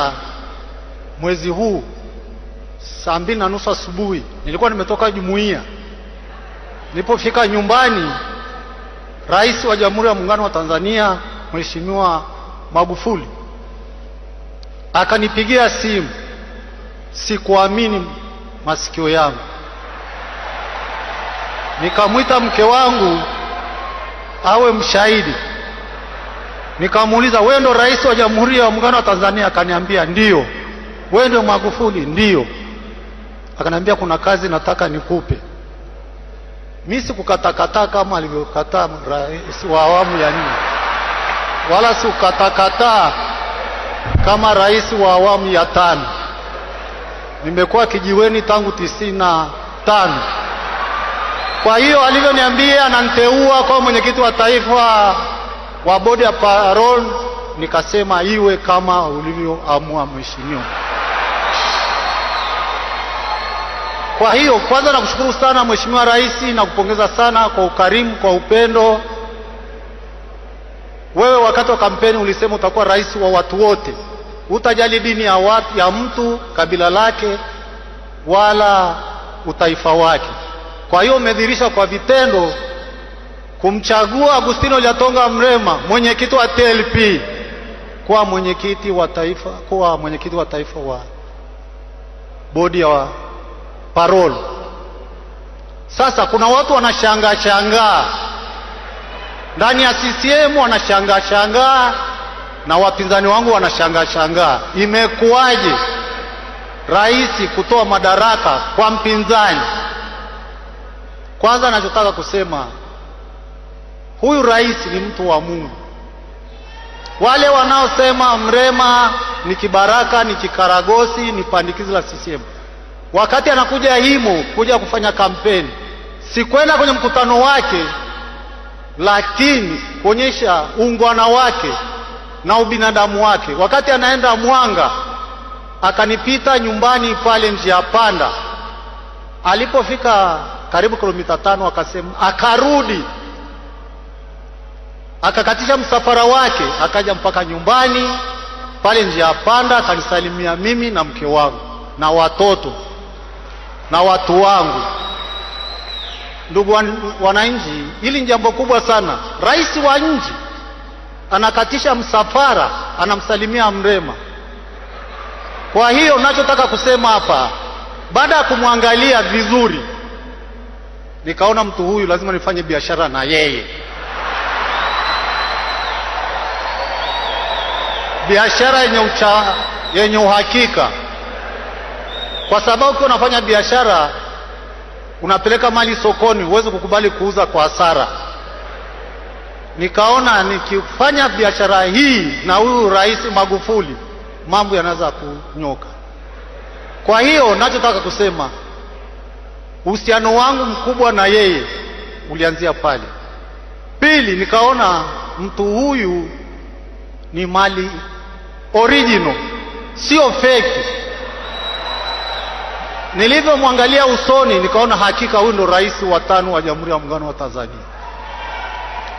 Ah, mwezi huu saa mbili na nusu asubuhi nilikuwa nimetoka jumuiya. Nilipofika nyumbani, Rais wa Jamhuri ya Muungano wa Tanzania Mheshimiwa Magufuli akanipigia simu. Sikuamini masikio yangu. Nikamwita mke wangu awe mshahidi. Nikamuuliza, wewe ndo rais wa Jamhuri ya Muungano wa Tanzania? Akaniambia ndio Wewe ndo Magufuli? ndio Akaniambia kuna kazi nataka nikupe. Mimi sikukatakataa kama alivyokataa rais wa awamu ya nne, wala sikukatakataa kama rais wa awamu ya tano. Nimekuwa kijiweni tangu tisini na tano. Kwa hiyo alivyoniambia ananiteua kwa mwenyekiti wa taifa wa bodi ya parol, nikasema iwe kama ulivyoamua mheshimiwa. Kwa hiyo kwanza nakushukuru sana Mheshimiwa Rais na kupongeza sana kwa ukarimu, kwa upendo. Wewe wakati wa kampeni ulisema utakuwa rais wa watu wote, utajali dini ya, watu, ya mtu kabila lake wala utaifa wake. Kwa hiyo umedhihirisha kwa vitendo kumchagua Agustino Lyatonga Mrema mwenyekiti wa TLP kuwa mwenyekiti wa taifa kuwa mwenyekiti wa taifa wa bodi ya parole. Sasa kuna watu wanashangaa shangaa ndani ya CCM, wanashangaa shangaa na wapinzani wangu wanashangaa shangaa, imekuwaje rais kutoa madaraka kwa mpinzani? Kwanza nachotaka kusema Huyu rais ni mtu wa Mungu. Wale wanaosema Mrema ni kibaraka, ni kikaragosi, ni pandikizi la CCM, wakati anakuja himo kuja kufanya kampeni, sikwenda kwenye mkutano wake, lakini kuonyesha uungwana wake na ubinadamu wake. Wakati anaenda Mwanga akanipita nyumbani pale njia ya panda, alipofika karibu kilomita tano akasema, akarudi akakatisha msafara wake akaja mpaka nyumbani pale njia panda, akanisalimia mimi na mke wangu na watoto na watu wangu. Ndugu wan, wananchi, hili ni jambo kubwa sana. Rais wa nchi anakatisha msafara, anamsalimia Mrema. Kwa hiyo nachotaka kusema hapa, baada ya kumwangalia vizuri, nikaona mtu huyu lazima nifanye biashara na yeye. biashara yenye, ucha, yenye uhakika, kwa sababu ukiwa unafanya biashara unapeleka mali sokoni, huwezi kukubali kuuza kwa hasara. Nikaona nikifanya biashara hii na huyu Rais Magufuli mambo yanaweza kunyoka. Kwa hiyo nachotaka kusema uhusiano wangu mkubwa na yeye ulianzia pale. Pili, nikaona mtu huyu ni mali original, sio feki. Nilivyomwangalia usoni, nikaona hakika huyu ndo rais wa tano wa Jamhuri ya Muungano wa Tanzania.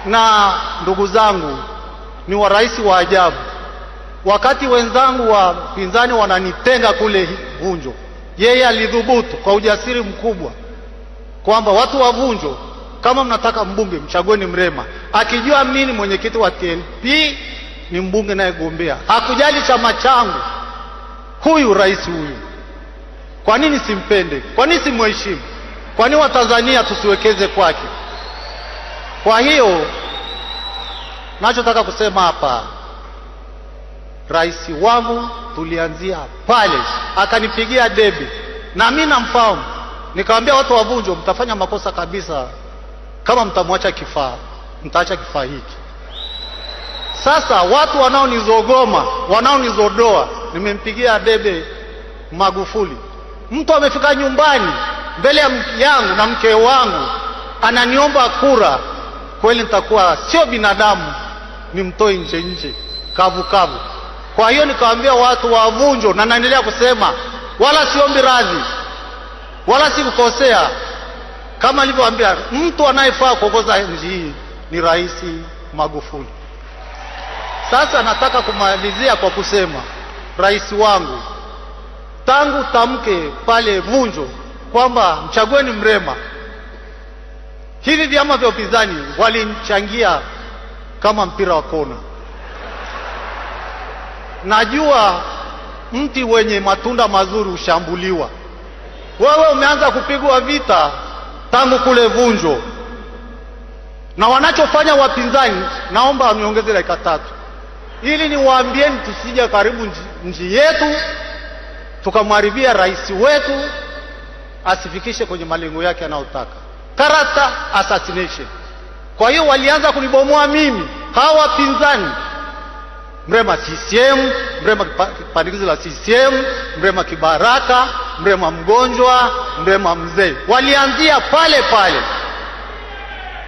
Na ndugu zangu, ni wa rais wa ajabu. Wakati wenzangu wa pinzani wananitenga kule Vunjo, yeye alidhubutu kwa ujasiri mkubwa kwamba watu wa Vunjo, kama mnataka mbunge mchagueni Mrema, akijua mimi ni mwenyekiti wa TLP ni mbunge nayegombea, hakujali chama changu huyu rais huyu. Kwa nini simpende? Kwa nini simheshimu? Kwa nini watanzania tusiwekeze kwake? Kwa hiyo nachotaka kusema hapa, rais wangu tulianzia pale, akanipigia debe na mimi namfahamu, nikamwambia watu wa Vunjo, mtafanya makosa kabisa kama mtamwacha kifaa, mtaacha kifaa hiki sasa watu wanaonizogoma, wanaonizodoa, nimempigia debe Magufuli. Mtu amefika nyumbani mbele ya yangu na mke wangu ananiomba kura, kweli nitakuwa sio binadamu nimtoe nje nje kavu kavu. Kwa hiyo nikawaambia watu wavunjo, na naendelea kusema, wala siombi radhi wala sikukosea. Kama alivyoambia, mtu anayefaa kuongoza nchi hii ni Rais Magufuli. Sasa nataka kumalizia kwa kusema, rais wangu, tangu tamke pale Vunjo kwamba mchagueni Mrema, hivi vyama vya upinzani walinchangia kama mpira wa kona. Najua mti wenye matunda mazuri hushambuliwa. Wewe umeanza kupigwa vita tangu kule Vunjo, na wanachofanya wapinzani, naomba mniongeze dakika tatu ili niwaambieni tusije karibu nchi yetu tukamharibia rais wetu asifikishe kwenye malengo yake anayotaka, character assassination. Kwa hiyo walianza kunibomoa mimi, hawa wapinzani, Mrema CCM, Mrema pandikizo la CCM, Mrema kibaraka, Mrema mgonjwa, Mrema mzee, walianzia pale pale.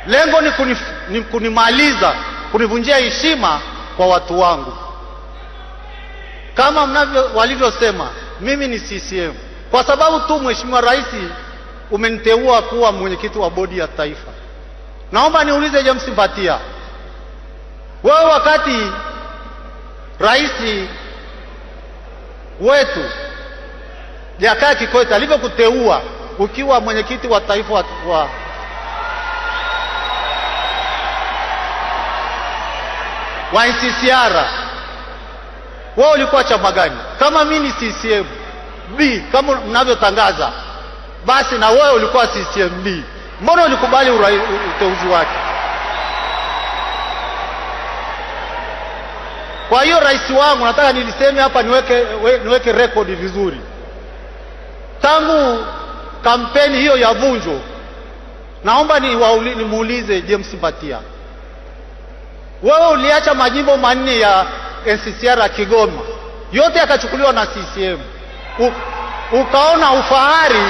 Lengo ni, kunif, ni kunimaliza kunivunjia heshima kwa watu wangu. Kama mnavyo walivyosema, mimi ni CCM kwa sababu tu Mheshimiwa Rais umeniteua kuwa mwenyekiti wa bodi ya taifa. Naomba niulize James Mbatia, wewe wakati rais wetu Jakaya Kikwete alivyokuteua ukiwa mwenyekiti wa taifa wa wa NCCR, wao ulikuwa chama gani? Kama mimi ni CCM B kama mnavyotangaza, basi na wewe ulikuwa CCM B, mbona ulikubali uteuzi wake? Kwa hiyo rais wangu, nataka niliseme hapa, niweke, niweke rekodi vizuri. Tangu kampeni hiyo ya Vunjo, naomba nimuulize James Mbatia wewe uliacha majimbo manne ya NCCR Kigoma yote yakachukuliwa na CCM, ukaona ufahari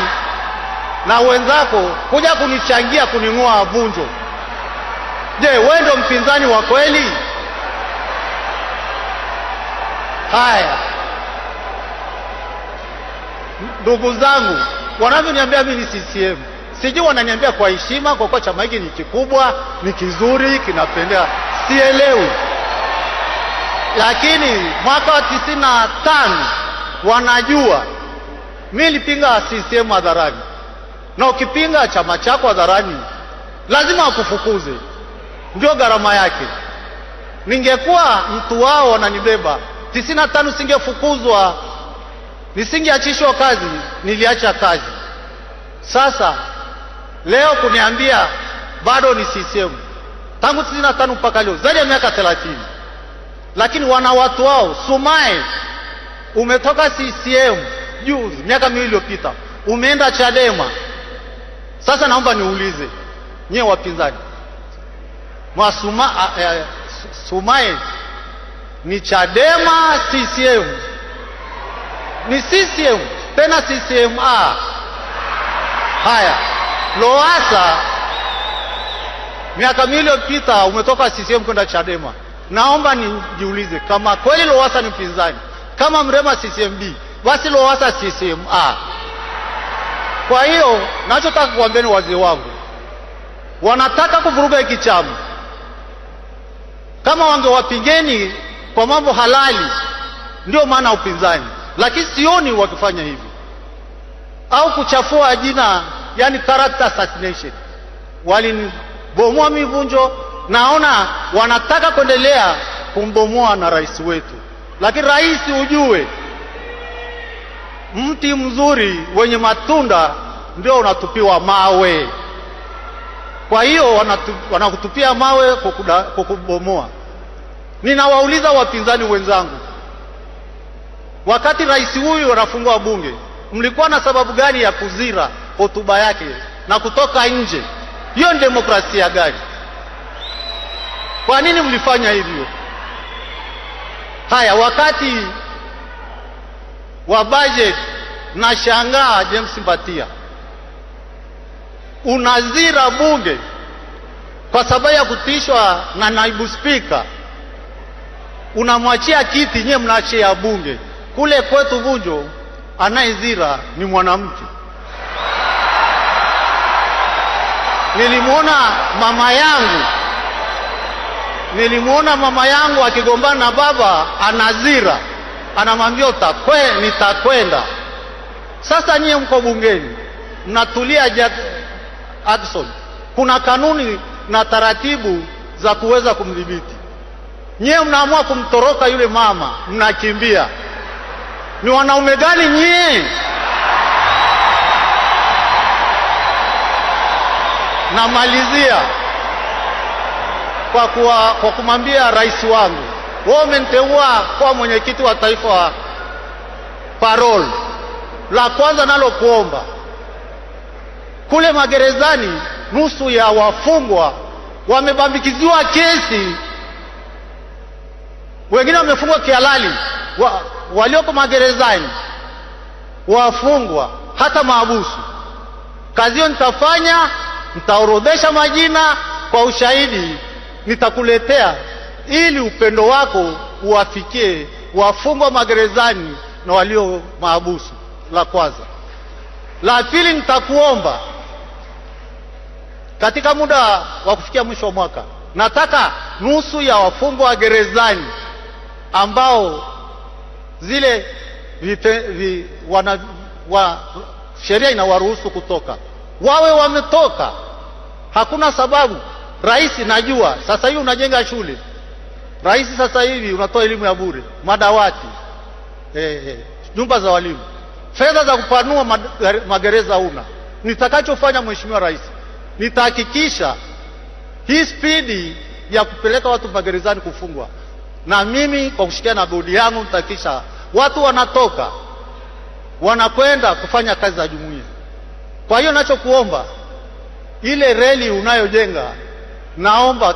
na wenzako kuja kunichangia kuning'oa Vunjo. Je, wewe ndio mpinzani wa kweli? Haya, ndugu zangu wanavyoniambia mimi CCM, sijui wananiambia kwa heshima, kwa kuwa chama hiki ni kikubwa, ni kizuri, kinapendea sielewi, lakini mwaka wa tisini na tano wanajua mi lipinga CCM hadharani, na ukipinga chama chako hadharani lazima wakufukuze ndio gharama yake. Ningekuwa mtu wao wananibeba, tisini na tano singefukuzwa, nisingeachishwa kazi, niliacha kazi. Sasa leo kuniambia bado ni CCM tangu tisini na tano mpaka leo zaidi ya miaka thelathini, lakini wana watu wao. Sumaye umetoka CCM juzi, miaka miwili iliyopita umeenda Chadema. Sasa naomba niulize nyiwe wapinzani, mwasuma eh, Sumaye ni Chadema CCM? Ni CCM tena CCM. haya Lowassa miaka miwili iliyopita umetoka CCM kwenda Chadema. Naomba nijiulize kama kweli Lowassa ni mpinzani, kama Mrema ccmb basi Lowassa CCM A. Kwa hiyo nachotaka kuambieni wazee wangu, wanataka kuvuruga hiki chama. Kama wangewapigeni kwa mambo halali, ndio maana upinzani, lakini sioni wakifanya hivyo au kuchafua jina, yani character assassination walini bomoa mivunjo. Naona wanataka kuendelea kumbomoa na rais wetu, lakini rais, ujue mti mzuri wenye matunda ndio unatupiwa mawe. Kwa hiyo wanakutupia mawe kwa kubomoa. Ninawauliza wapinzani wenzangu, wakati rais huyu anafungua bunge, mlikuwa na sababu gani ya kuzira hotuba yake na kutoka nje? Hiyo ni demokrasia gani? Kwa nini mlifanya hivyo? Haya, wakati wa budget nashangaa James Mbatia unazira bunge kwa sababu ya kutishwa na naibu spika, unamwachia kiti, nyewe mnaachia bunge. Kule kwetu Vunjo anayezira ni mwanamke. nilimwona mama yangu nilimwona mama yangu akigombana na baba, anazira, anamwambia utakwe, nitakwenda. Sasa nyie mko bungeni mnatulia jad... Adson, kuna kanuni na taratibu za kuweza kumdhibiti. Nyie mnaamua kumtoroka yule mama, mnakimbia. Ni wanaume gani nyie? Namalizia kwa, kuwa, kwa kumwambia rais wangu, wewe umeniteua kwa mwenyekiti wa taifa wa parol. La kwanza nalokuomba, kule magerezani nusu ya wafungwa wamebambikiziwa kesi, wengine wamefungwa kihalali wa, walioko magerezani wafungwa hata maabusu. Kazi hiyo nitafanya nitaorodhesha majina kwa ushahidi nitakuletea, ili upendo wako uwafikie wafungwa magerezani na walio mahabusu. La kwanza. La pili, nitakuomba katika muda wa kufikia mwisho wa mwaka, nataka nusu ya wafungwa wa gerezani ambao zile vi, wana, wa, sheria inawaruhusu kutoka wawe wametoka. Hakuna sababu. Rais najua sasa hivi unajenga shule, rais sasa hivi unatoa elimu ya bure, madawati eh, eh, nyumba za walimu, fedha za kupanua magereza una. Nitakachofanya mheshimiwa rais, nitahakikisha hii spidi ya kupeleka watu magerezani kufungwa, na mimi kwa kushikia na bodi yangu nitahakikisha watu wanatoka wanakwenda kufanya kazi za jumuiya. Kwa hiyo nachokuomba, ile reli unayojenga, naomba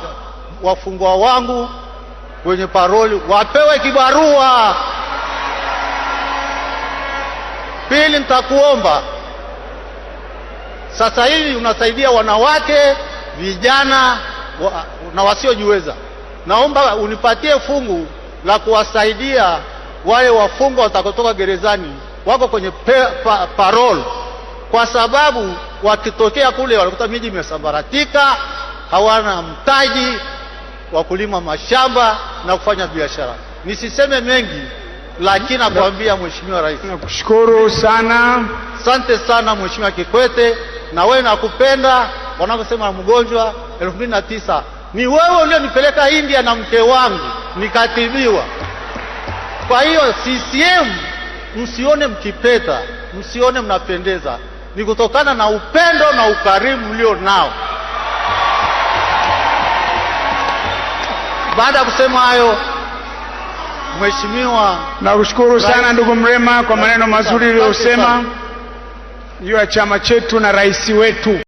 wafungwa wangu wenye paroli wapewe kibarua. Pili, nitakuomba sasa hivi unasaidia wanawake, vijana wa, na wasiojiweza. Naomba unipatie fungu la kuwasaidia wale wafungwa watakotoka gerezani wako kwenye pe, pa, parole kwa sababu wakitokea kule wanakuta miji imesambaratika, hawana mtaji wa kulima mashamba na kufanya biashara. Nisiseme mengi, lakini nakwambia Mheshimiwa Rais, nakushukuru sana. Asante sana Mheshimiwa Kikwete, na wewe nakupenda. Wanavyosema mgonjwa elfu mbili na tisa ni wewe ulionipeleka India na mke wangu nikatibiwa. Kwa hiyo CCM, msione mkipeta, msione mnapendeza ni kutokana na upendo na ukarimu ulio nao. Baada ya kusema hayo, Mheshimiwa, nakushukuru sana ndugu Mrema kwa maneno mazuri uliyosema juu ya chama chetu na rais wetu.